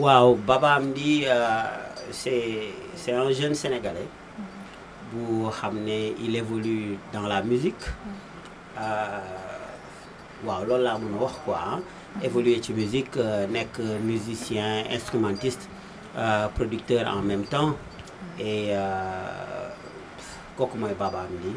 Wow, Baba Amdi, euh, c'est c'est un jeune sénégalais bu il évolue dans la musique euh, waaw loolu là, mën wax quoi hein. évoluer la musique que euh, musicien instrumentiste producteur en même temps et comment mooy Baba dit?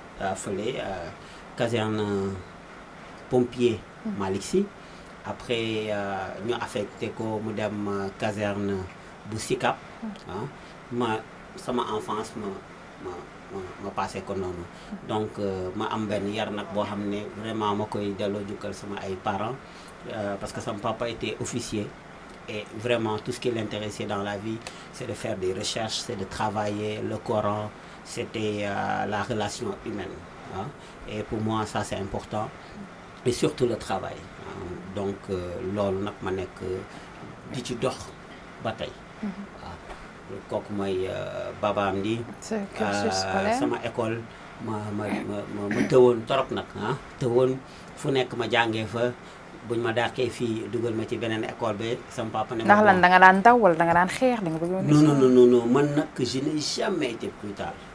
à caserne euh, pompier mm. mal après euh, nous affecté ko mu dem caserne bu mm. hein. ah ma enfance ma ma ma passé économique. Mm. donc euh, ma am yar vraiment ma koy delloo sama parents parce que son papa était officier et vraiment tout ce qui l'intéressait dans la vie c'est de faire des recherches c'est de travailler le Coran c'était euh, la relation humaine. Hein. Et pour moi, ça c'est important. Et surtout le travail. Hein. Donc, je euh, suis ma nekk euh, di ci dox bataille. Baba c'est école ma ma ma ma ma ma ma école Je sama papa non non non je n'ai jamais été tard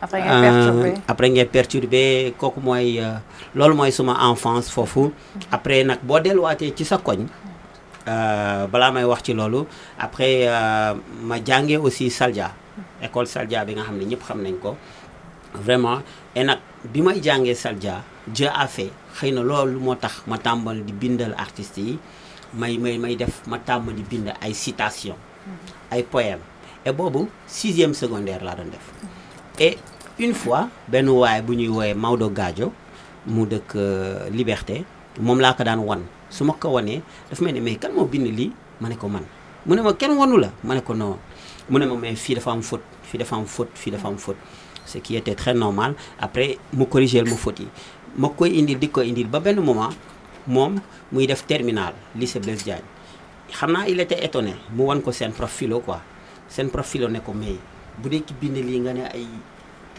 après ngay perturbé euh, après ngay perturbé kooku mooy euh, loolu mooy suma enfance fofu, après nak boo delluwaatee ci sa euh bala may wax ci lolou après euh, ma jangé aussi Saldia école Saldia bi nga xam ñep ñëpp xam nañ ko vraiment et nak bi may jangé Saldia je a fait xeyna lolou motax ma tambal di bindal artiste yi may may may def ma tàmbal di bind ay citation ay poème et 6 sixième secondaire la doon def et une fois benn waay bu ñuy woowee Maodo Gadio mu dëkk euh, Liberté mom la ko daan won su ma ko wanee daf may ne mais kan mo bind li mané ko man mu ne ma kenn la mané ko non mu ne ma mais fi dafa am faute fi dafa am faute fi dafa am faute ce qui était très normal après mu corrigé ma faute yi ma koy indil di ko indi ba ben moment mom muy def terminal lycée Blaise Diagne il était étonné mu won ko un prof philo quoi sen prof philo ne ko mais bu dee ki bind li nga ay.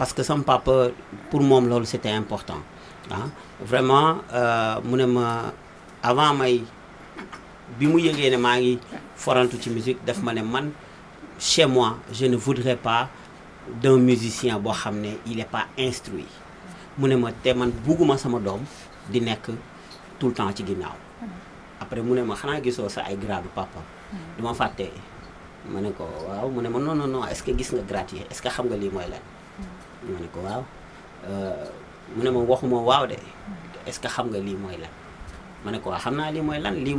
parce que sama papa pour moi, c'était important Hein? vraiment euh, ne ma avant ma bi mou yëgee ma, maa ngi forantu ci musique daf ma ne man chez moi je ne voudrais pas d'un musicien bo xamné il est pas instruit mu ne ma te man bugguma sama dom di nek tout le temps ci ginnaw après mu ne ma xanaa gisoo sa ay grade papa du ma fàtte ma ko waaw mu ma non non non est-ce que gis nga grade est-ce que xam nga li moy lan ma ne ko waaw euh, mu ne ma waxuma waaw de est-ce que xam nga lii mooy lan ma ne ko waaw xam naa lii mooy lan lii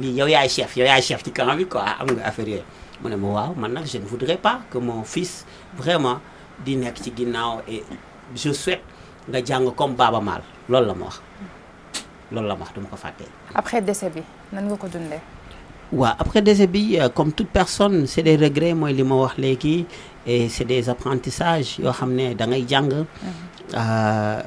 lii yow yaay chef yow yaay chef ci camp bi quoi am nga affaire yooyu mu ne ma waaw man nag je ne voudrais pas que mon fils vraiment di nekk ci ginnaaw et je souhaite nga jàng comme Baaba Maal loolu la ma wax loolu la ma wax du ma ko fàttee. après décès bi nan nga ko dundee waaw après décès bi euh, comme toute personne c'est des regrets moi li ma wax qui et c'est des apprentissages yo xam ne da ngay mhm. euh,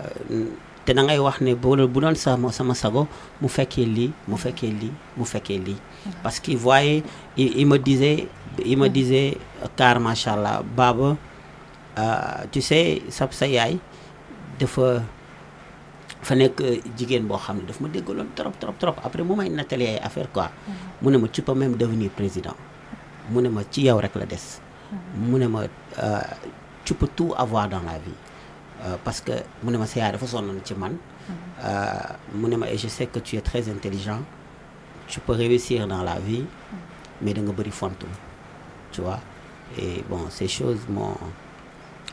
té da ngay wax ne bu bu doon sama sama sago mu féké li mu féké li mu féké li mhm. parce qu'il voyait il me disait il me mhm. disait car machallah baba euh, tu sais sa sa yaay dafa fa nek jigen bo xamné ne daf ma déggaloon trop trop trop après mu may nettali affaire quoi tu peux même devenir président ci euh, tu peux tout avoir dans la vie euh, parce que euh, et je sais que tu es très intelligent tu peux réussir dans la vie mais tu nga faire tout. tu vois et bon ces choses m'ont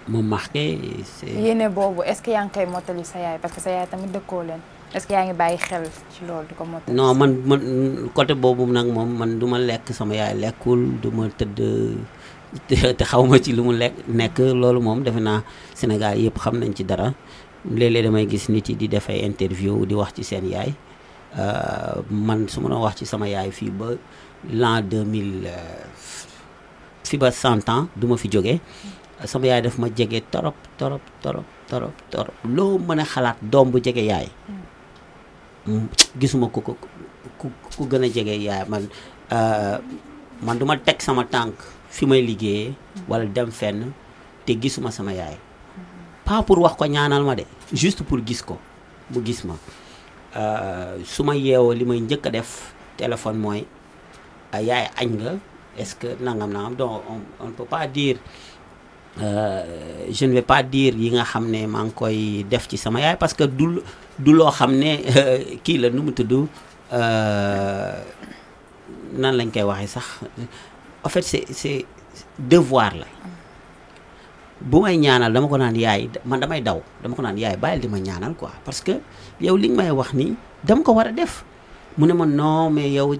m'ont marqué est-ce y a encore des mots de yaay parce que est, un tamit de colère. est ce que xel ci non man man côté boobu man du lek lekk sama yaay lekkul du ma tëdd te xaw ma ci lu lek nek nekk loolu moom defe naa Sénégal yëpp xam nañ ci dara damay gis nit yi di def ay interview di wax ci seen yaay euh, man su ma doon wax ci sama yaay fii ba l'an 2000 euh, fi ba 100 ans du ma fi jógee sama yaay daf ma jege torop torop torop torop torop lo mana a dom doom bu yaay. Mm. Mm, gisuma ko ko ko gëna jégué jege yaay man euh, man duma tek sama tank fi may liggé wala dem fenn te gisuma sama yaay pa pour wax ko ñaanal ma de juste pour gis ko bu gis ma euh suma yéwo limay ñëk a def téléphone ay ah, yaay agn nga est ce que nangam nangam donc on on peut pas dire Euh, je ne vais pas dire yi nga xamné mang koy def ci sama yaay parce que du du lo xamné ki la numu mu euh nan lañ koy waxe sax en fait c'est c'est devoir la bu may ñaanal dama ko naan yaay man damay daw dama ko naan yaay bayal dima ñaanal quoi parce que yow liñ may wax ni dama ko wara def mu ne non mais yow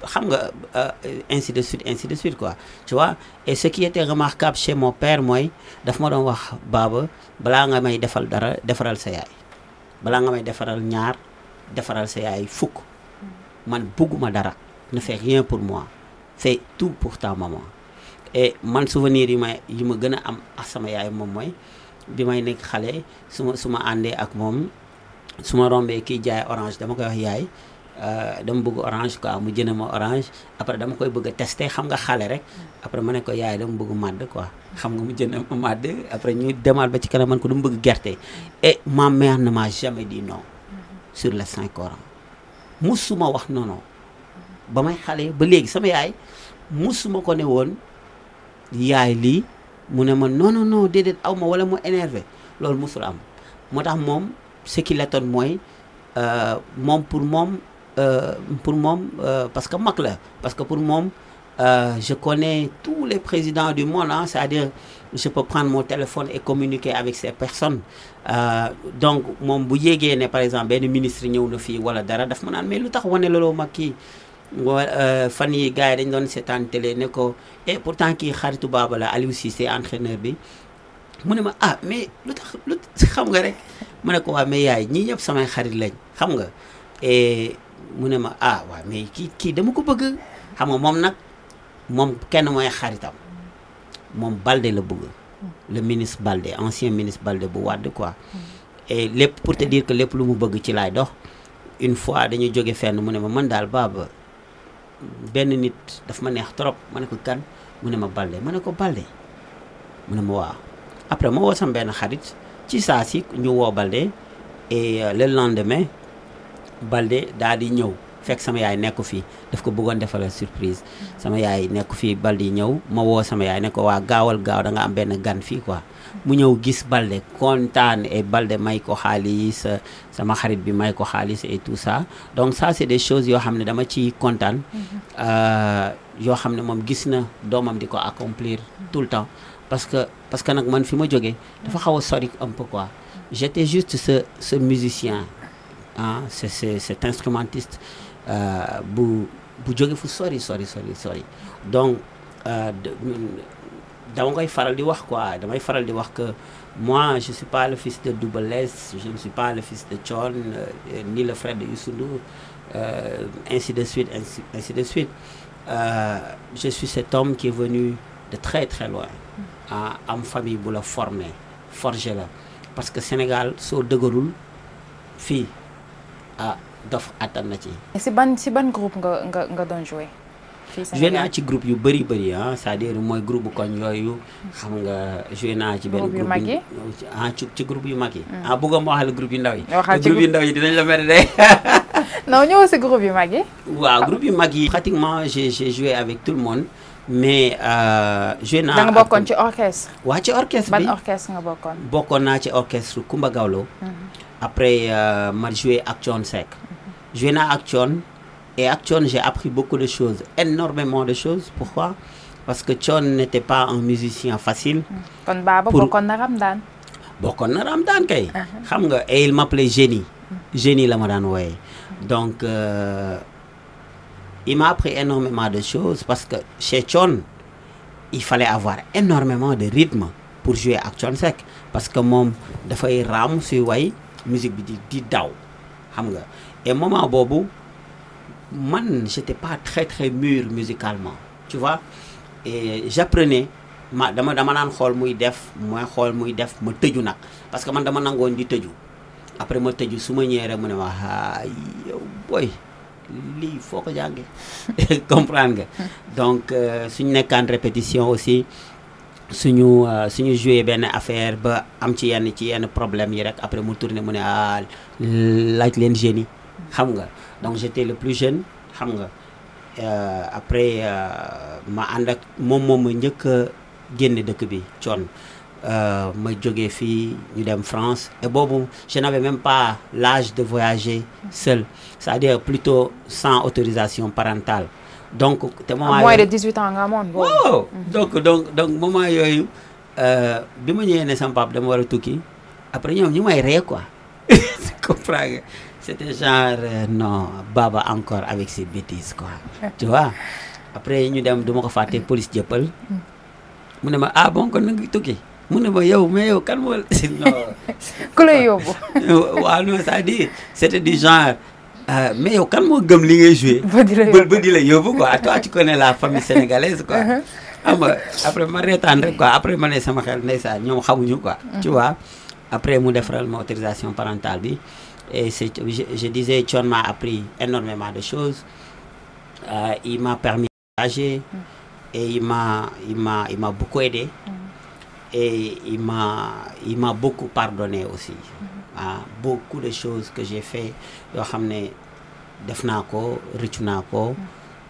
euh, ainsi de suite ainsi de suite quoi tu vois et ce qui était remarquable chez mon père moi daf ma doon wax baaba balaa nga may defal dara defaral sa yaay balaa nga may defaral ñaar defaral sa yaay fukk man bëgguma dara ne fait rien pour moi c'est tout pour ta maman et man souvenir yi ma yi ma gën a am ak sama yaay moom mooy bi may nekk xale su ma su ma àndee ak moom su ma rombee jaay orange dama koy wax yaay Euh, dama bëgg orange quoi mu jënd ma orange après dama koy bëgg a testé xam nga xale rek après ma ne ko yaay dama bëgg màdd quoi xam nga mu jënd ma màdd après ñuy demaat ba ci kanam man ko du bëgg gerte ma mère ne m'a jamais dit non sur le Saint Coran musuma wax ba may xale ba léegi sama yaay musuma ko ne woon yaay lii mu ne ma non non non déedéet aw ma wala mu énervé loolu musul am moo tax moom ce qui euh, moom pour moom Euh, pour moi euh, parce que macler parce que pour moi euh, je connais tous les présidents du monde hein, c'est-à-dire je peux prendre mon téléphone et communiquer avec ces personnes donc mon bu yéegee par exemple benn ministre ñëw na fii wala dara daf ma naan mais le tax wane looloo mag Fanny fan yi gars dañ télé et eh, pourtant kii xaritu Baba, la Aliou c'est entraîneur bi mu ne ah mais le tax le xam nga rek mu ne mais yaay ñii ñëpp samay xarit lañ xam nga et ah wa mais ki ki dama ko bëgg xam nga nak kenn moy xaritam Balde le ministre Balde ancien ministre Balde quoi et pour te dire que les lu mu bëgg ci une fois dañuy nous fenn man nit daf ma neex trop mané ko kan Balde mané Balde après xarit ci ñu Balde et euh, le lendemain Balde daal di ñëw fekk sama yaay nekk fi daf ko bëggoon defal surprise sama yaay nekk fi Balde ñew ma wo sama yaay nekk wa waa gaawal gaaw da nga am ben gan fi quoi mu ñew gis Balde contane et Balde may ko xaalis sama xarit bi may ko et tout ça donc ça c'est des choses yo xamne dama ci contane mm-hmm. euh yo xamne mom gis na domam diko accomplir tout le temps parce que parce que nak man fi ma jógee dafa xaw sori un peu quoi j'étais juste ce ce musicien Hein, c'est cet instrumentiste qui euh, donc il euh, koy faral di quoi que moi je ne suis pas le fils de Double je ne suis pas le fils de John, ni le frère de Youssou euh, ainsi de suite ainsi de suite je suis cet homme qui est venu de très très loin à mm. une hein, famille pour la former forger parce que Sénégal de dëgërul fille ah dof que na ci. groupe nga nga nga je joué ah, ah, hmm. ah, ci groupe yu groupe joué groupe ci un groupe yu groupe yu groupe yu ndaw yi dinañ la un non groupe yu groupe j'ai joué avec tout le monde mais euh, je da nga bokkoon ci orchestre. wa ci orchestre bi ban orchestre nga bokkoon. bokkoon ci orchestre Kumba Gawlo. Mhm. après euh, ma joué action sec mhm. je n'ai action et action j'ai appris beaucoup de choses énormément de choses pourquoi parce que john n'était pas un musicien facile. Mhm. kon baaba bokkoon na Ramadaan. bokkoon na Ramadaan kay. xam nga et il m'appelait génie. génie la ma dan donc. Euh, il m'a appris énormément de choses parce que chez Chon, il fallait avoir énormément de rythme pour jouer à Chon parce que moom ram way musique et moment je man pas très très mûr musicalement tu vois et j'apprenais ma dama dama nan muy def je xol muy def ma je nak parce que man dama nangoon di teju après ma tëju suma ñëré mu boy li faut ko jàngee comprendre nga donc euh, suñu nekkaan répétition aussi suñu euh, suñu jouer ben affaire ba am ci yenn ci yenn problème yi rek après mu tourner mu né ah laaj len génie xam nga donc j'étais le plus jeune xam nga euh, après ma ànd ak mom moom ma njëkk dëkk bi coon My suis fii France et je n'avais même pas l'âge de voyager seul c'est-à-dire plutôt sans autorisation parentale donc te moment moins de 18 ans mhm. donc donc donc moment euh, après je suis may quoi c'était genre euh, non baba encore avec ses bêtises quoi tu vois après ñu dem police mm. ah bon mu ne ma yow mais yow kan moo non ku lay yóbbu waaw non c'est-à-dire c'était du genre Euh, mais yow kan moo gëm li ngay joué. ba di la yóbbu quoi toi tu connais la famille sénégalaise quoi. Uh-huh. xam nga après ma reetaan rek quoi après ma ne sama xel ndeysaan ñoom xamuñu quoi. Uh-huh. tu vois après mu defaral ma autorisation parentale bi et c'est je, je disais Thione m'a appris énormément de choses euh, il m'a permis de voyager uh-huh. et il m'a il m'a il m'a beaucoup aidé et il m'a il m'a beaucoup pardonné aussi ah beaucoup de choses que j'ai fait je xam defnako def naa ko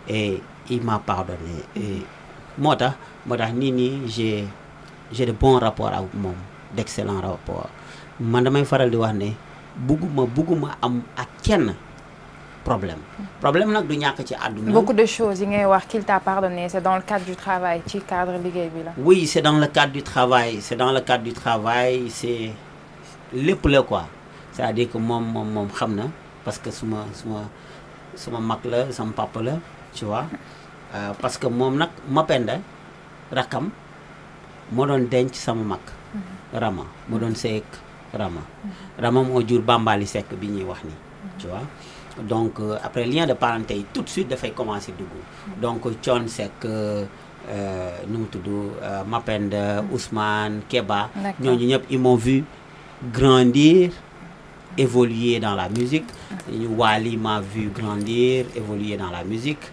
et il m'a pardonné et moi tax nini j'ai j'ai de bons rapports avec moi d'excellents rapports man damay faral di wax ne buguma buguma am ak kenn problème problème nag du ñàkk ci àdduna. beaucoup de choses yi ngay wax qu'il t'a pardonné c'est dans le cadre du travail ci cadre liggéey bi la. oui c'est dans le cadre du travail c'est dans le cadre du travail c'est lépp le quoi c'est-à-dire que moom moom moom xam na parce que suma suma suma mag la sama papa tu vois euh, parce que moom nag Rakam, rakkam moo dans denc sama mag. Rama moo doon seeg Rama. Rama moo jur Bambali Seck bi ñuy wax ni tu vois donc euh, après lien de parenté tout de suite dafay commencé dugg donc que nous, nous mu deux Mapende mm-hmm. Ousmane Keba ils m'ont vu grandir évoluer dans la musique ñu mm-hmm. m'a vu grandir évoluer dans la musique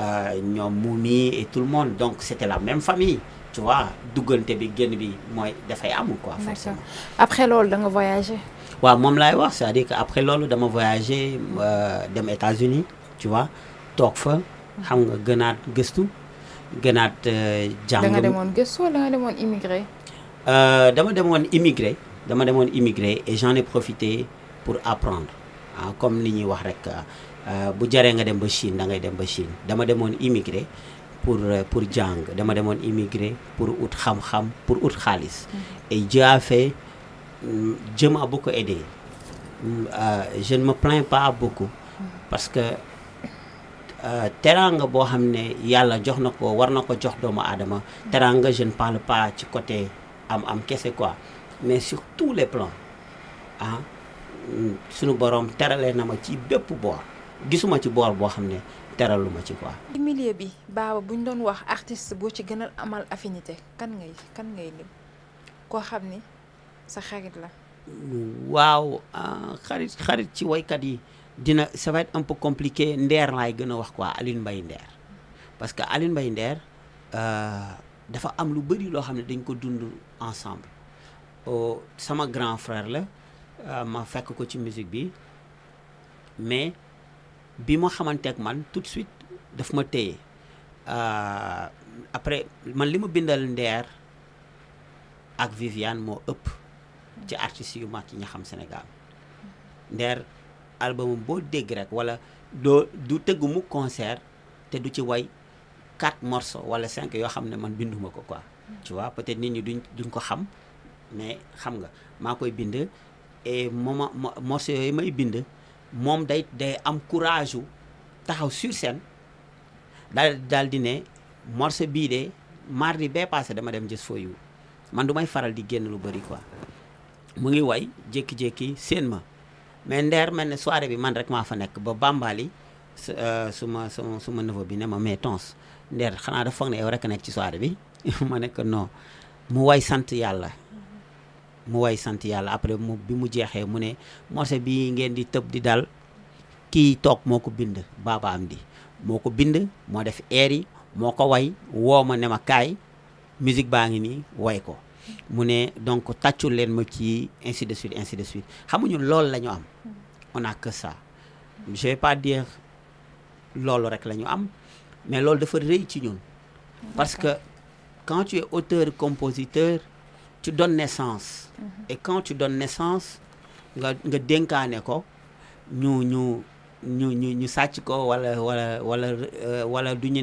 euh, ont Moumi et tout le monde donc c'était la même famille tu vois Dougon, bi génn moi mooy dafay amul quoi forcément après loolu on nga voyager wa moom laay wax c'est-à-dire que après loolu dama voyagé euh, dem États-Unis tu vois Tokfa, fa xam nga gënaat gëstu gënaat euh, jàng. da nga demoon gëstu wala da nga demoon immigré. Euh, dama demoon immigré dama demoon immigré et j'en ai profité pour apprendre ah comme li ñuy wax rek bu jaree nga dem ba Chine da ngay dem ba Chine dama demoon immigré pour pour jàng dama demoon immigré pour ut xam-xam pour ut xaalis mm-hmm. et j'ai fait Dieu m'a beaucoup aidé. Euh, je ne me plains pas beaucoup parce que euh, teranga boo xam ne yàlla jox na ko war jox doomu aadama teranga je ne parle pas ci côté am am kese quoi mais sur tous les plans ah sunu borom teralé na ma ci bép bo gisuma ci bor bo xamné teraluma ci quoi. ci milieu bi baba buñ ñu doon wax artiste bo ci gënal amal affinité kan ngay kan ngay lim ko xamné sa la. waaw ah, xarit xarit ci yi dina ça va être un peu compliqué Nder laay gën a wax quoi Aline Mbaye Nder parce que Alioune Mbaye Nder euh, dafa am lu bëri loo xam ne dañ ko dund ensemble oh, sama grand frère la euh, ma fait ko ci musique bi mais bi ma man tout de suite daf ma euh, après man li bindal Nder ak Viviane mo ëpp ci artistes yu mag yi nga xam Sénégal ndeer album boo dégg rek wala doo du tëgg mu concert te du ci way quatre morceaux wala cinq yoo xam ne man binduma ko quoi tu vois peut-être nit ñi duñ duñ ko xam mais xam nga maa koy bind et mooma yooyu may bind moom day day am courage wu taxaw sur scène daal daal di ne morceau bii de mardi bee passé dama dem gis yu man du may faral di génn lu bëri quoi mu ngi way jekki jekki seen ma mais ndeer mel ne soirée bi man rek maa fa nekk ba bambali suma euh, suma suma niveau bi ne ma mais tons ndeer xanaa dafa ne yow rek nekk ci soirée bi ma nekk non mu way sant yàlla mu way sant yàlla après mu bi mu jeexee mu ne morceau bi ngeen di tëb di dal kii toog moo ko bind baaba am di moo ko bind moo def air yi moo ko way woo ma ne ma kaay musique baa ngi nii way ko mu donc tàccul leen ainsi de suite ainsi de suite xamuñu loolu on a que ça je vais pas dire loolu rek mais loolu dafa ci parce que quand tu es auteur compositeur tu donnes naissance mhm. et quand tu donnes naissance nga nga dénkaane ko ñu ñu ñu ñu ñu ko wala wala wala euh, wala du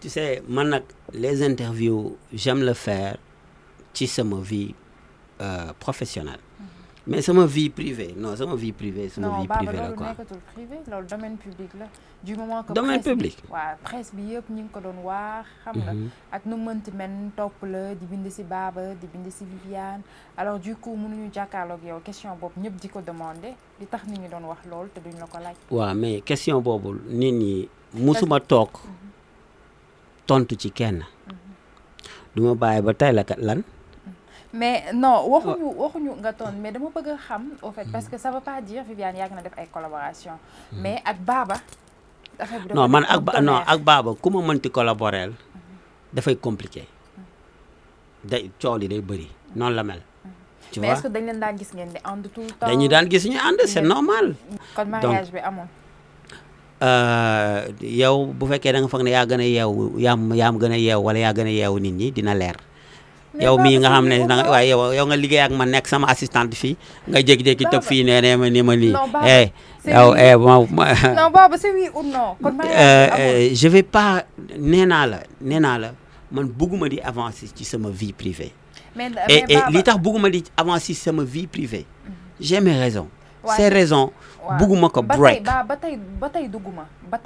tu sais man les interviews j'aime le faire ci sama vie euh, professionnelle mhm. mais sama vie privée non sama vie privée sama vie privée là quoi non nekkatul privé loolu domaine public la du moment que domaine public waaw presse bi yëpp ñu ngi ko doon wax xam nga mhm. ak nu mënti men topp la di bind si Baba di bind si Viviane alors du coup mënuñu jàkkaarloog yow question boobu ñëpp di ko demandé li tax nit ñi doon wax loolu te duñ la ko laaj waaw mais question boobu nit ñi musuma toog mhm tontu ci kenn duma baye ba tay la kat lan. mais non oh. waxuñu waxuñu nga toon mais dama bëgg xam au fait parce mm. que ça veut pas dire Viviane yàgg na def ay collaboration mm. mais ak Baba. non man ak non ak Baba kuma ma mënti collaborer mm-hmm. fay compliqué day coow day bëri non la mel. tu vois mais est-ce que dañ leen daan gis ngeen di and tout temps dañu daan gis ñu and c'est normal. kon mariage bi amoon. Euh, yow bu fekkee da nga foog ne yaa gën a yam yaa yaa gën wala ya gëna yew nit ñi dina lèr yow mi nga xamné da nga way yow yow nga liggéey ak ma nek sama assistante fi nga jékki-jékki tok fi né né ma nii ma nii. eh yow eh ma. non baba c'est oui ou non. kon ma euh, euh, je vais pas nee naa la nee naa la man bugguma di avancer ci sama vie privée. mais mais et li tax bugguma di avancer sama vie privée. Mm-hmm. j'ai mes raisons ces raisons bugguma ko break ba tey ba tey dugguma ba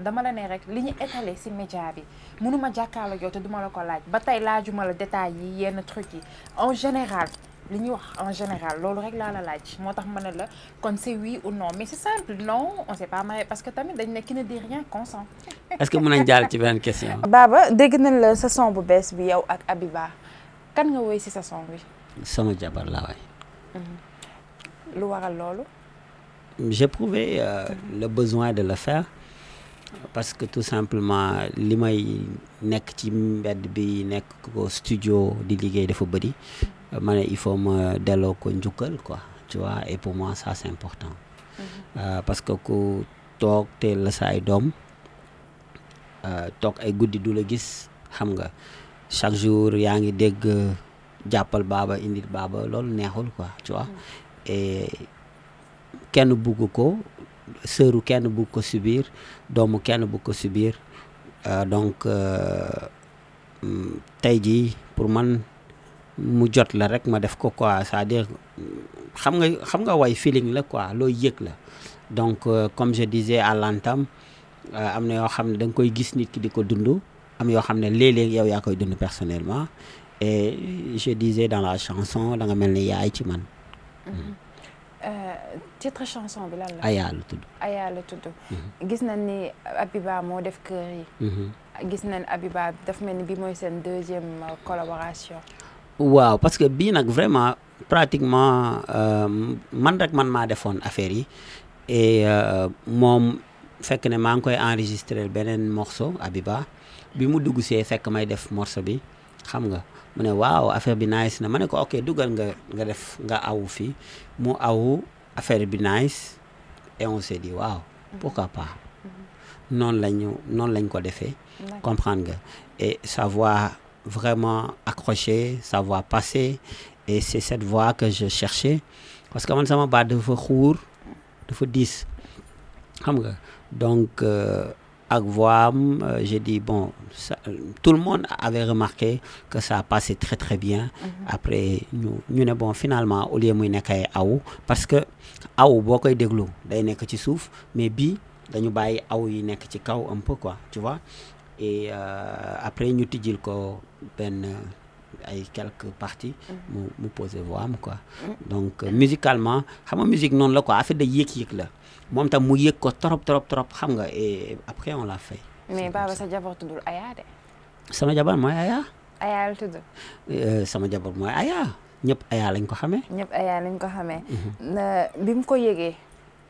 dama la ne rek liñu étaler ci média bi mënuma jàkkaarloo yow te duma la ko laaj ba la djuma la détail yi yenn truc. yi en général liñu wax en général loolu rek la la laaj motax tax ma la kon c'est oui ou non mais c'est simple non on sait pas marié parce que tamit dañ ne qui ne dit rien consent. est-ce que mën nañ jàll ci beneen question. Baba dégg nañ la sa son bu bees bi yow ak Abiba kan nga woy ci sa son wi sama jabar laa waay. Mhm j'ai prouvé euh, le besoin de le faire parce que tout simplement ce studio de de de il faut me tu vois et pour moi ça c'est important. Mm-hmm. Euh, parce que quand tu le la dom euh, chaque jour tu tu vois. Mm-hmm. Eh, kenn bugg ko sëru kenn bugg ko subir doomu kenn bugg ko subir eh, donc eh, mm, tey jii pour man mu jot la rek ma def ko quoi c'est-à-dire xam nga xam nga way feeling la quoi looy yëg la donc comme je disais à l'entame am na yoo xam ne da nga koy gis nit ki di ko dund am yoo xam ne léeg-léeg yow yaa koy dund personnellement et je disais dans la chanson da nga mel ni yaay ci man euh, titre chanson bi lan la. Aya la tudd. Aya la tudd. Mhm. gis nañ ni Abiba mo def kër yi. Mhm. gis nañ Abiba daf melni bi moy sen deuxième euh, collaboration. waaw parce que bi nak vraiment pratiquement euh, man rek man ma defone affaire yi et mom fekk ne maa ngi koy enregistrer benen morceau Abiba bi mu dugg see fekk may def morceau bi xam nga mu ne waaw affaire bi nice na ma ne ko ok dugal nga nga def nga aw fi mu aw affaire bi nice et on s'est dit waaw pourquoi pas noonu lañu noonu lañ ko defee comprendre nga et savoir vraiment accrocher savoir passer et c'est cette voix que je cherchais parce que man sama baat dafa xuur dafa diis xam nga donc euh, ak euh, j'ai dit bon ça, tout le monde avait remarqué que ça a passé très très bien. Mm -hmm. après ñu ñu ne bon finalement au lieu muy nekk aw parce que aw beaucoup koy déglu day nekk ci souffres, mais bii dañu bàyyi aw yi nekk ci kaw un peu quoi tu vois et euh, après ñu tijjil ko ben, ay quelques parties mhm. mu mu posé voix quoi mhm. donc euh, musicalement xam musique non la quoi fait de yëg-yëg la mom tam mu yek ko torop torop torop xam nga et après on l'a fait. mais Baba sa jabar tudul Aya de. sama jabar moy Aya. Aya la tudd. Euh, sama jabar moy Aya ñep Aya lañ mhm. ko xamé ñep Aya lañ ko xamé bi mu ko yëgee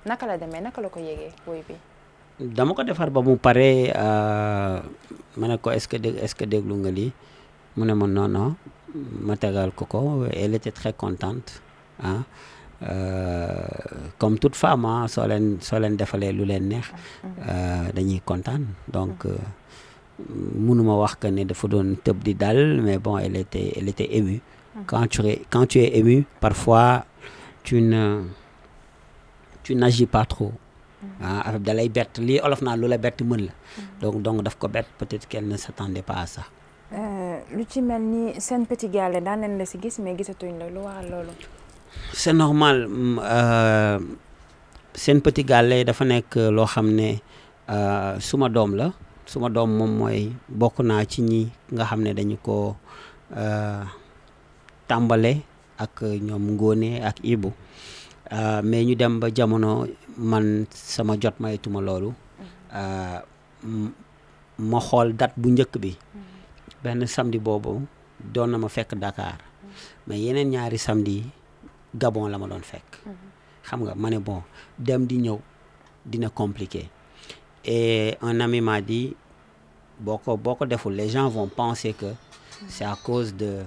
naka la démé naka la ko yëgee woy bi. dama ko défar ba mu paré euh mané ko est-ce que est-ce que déglu nga li mu ne ma non non matagal ko ko elle était très contente hein Euh, comme toute femme ah soo leen soo len defalee lu leen neex euh, dañuy kontaan donc euh, mënuma wax que ne dafa doon teub di dal mais bon elle était elle était émue quand tu es, quand tu es ému parfois tu ne tu n'agis pas trop ah affaire da lay bett olof lu la bett mën la donc donc daf ko bet peut-être qu'elle ne s'attendait pas à ça lu ci mel ni seen petit gàlle daan leen la si gis mais gisatuñ la lu waral loolu c'est normal mm, euh, seen petit dafa nekk loo xam ne euh, suma doom la suma doom moom mooy bokk naa ci ñi nga xam ne dañu ko euh, tàmbale ak ñoom ngóone ak ibu mais ñu dem ba jamono man sama jot maytuma loolu ma xool date bu njëkk bi mm-hmm. benn samdi boobu doon na ma fekk Dakar mm-hmm. mais yeneen ñaari samedi Gabon la ma doon fekk. Mhm. xam nga mané bon dem di ñew dina compliqué et un ami m'a dit boko ko les gens vont penser que c'est à cause de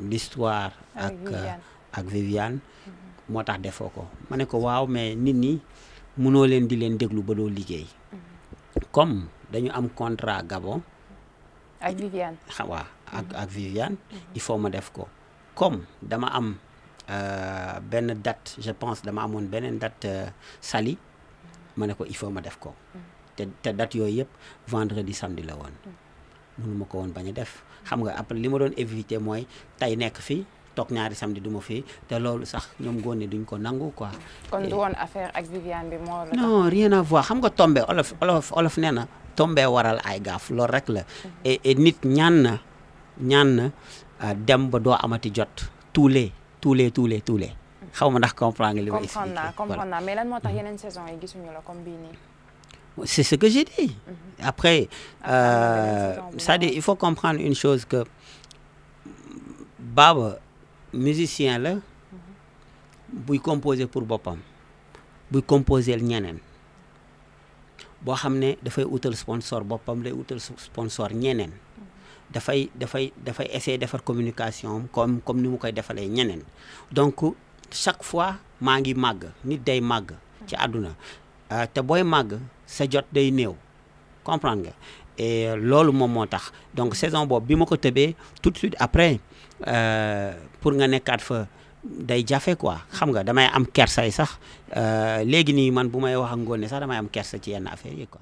l'histoire ak euh, ak Viviane mhm. motax defoko mané ko ma waaw mais nit ni. mëno leen di leen déglu ba doo liggéey mhm. comme dañu am contrat Gabon ak Viviane waaw ak ak Viviane il faut ma def ko comme dama am ben date je pense dama amone benen date euh, sali ma ko il faut ma def ko. te te date yooyu vendredi samedi la won mënu ma ko woon def xam nga après lima don éviter moy tay nek fi tok ñaari samedi du fi fii te loolu sax ñom góone duñ ko nangu quoi. kon du won affaire ak Viviane bi la. non rien à voir xam nga tombé olof olof olof nee tombé waral ay gaf loolu rek la. Mhm. et nit ñaan na ñaan na euh, dem ba do amati jot tous les tous les tous les tous les xaw ma ndax comprendre nga li expliqué comprendre naa comprendre naa mais lan moo tax mhm. yeneen saison yi gisuñu la comme bii nii C'est ce que j'ai dit. Mhm. Après, ça euh, dit, il faut comprendre une chose que Baba, musicien là, mhm. buy composer pour boppam buy composer ñeneen boo xam ne dafay utal sponsor boppam lay utal sponsor ñeneen dafay dafay dafay essayer defar communication comme comme ni mu koy les ñeneen donc chaque fois maa ngi mag nit day mag ci àdduna euh, te booy mag sa jot day néew comprendre nga et loolu moom moo donc saison boobu bi ma ko tout de suite après euh, pour nga nekkaat fa day jafé quoi xam nga damay am kersay sax euh légui ni man bu may wax ak ngoone sax damay am kersa ci yenn affaire yi quoi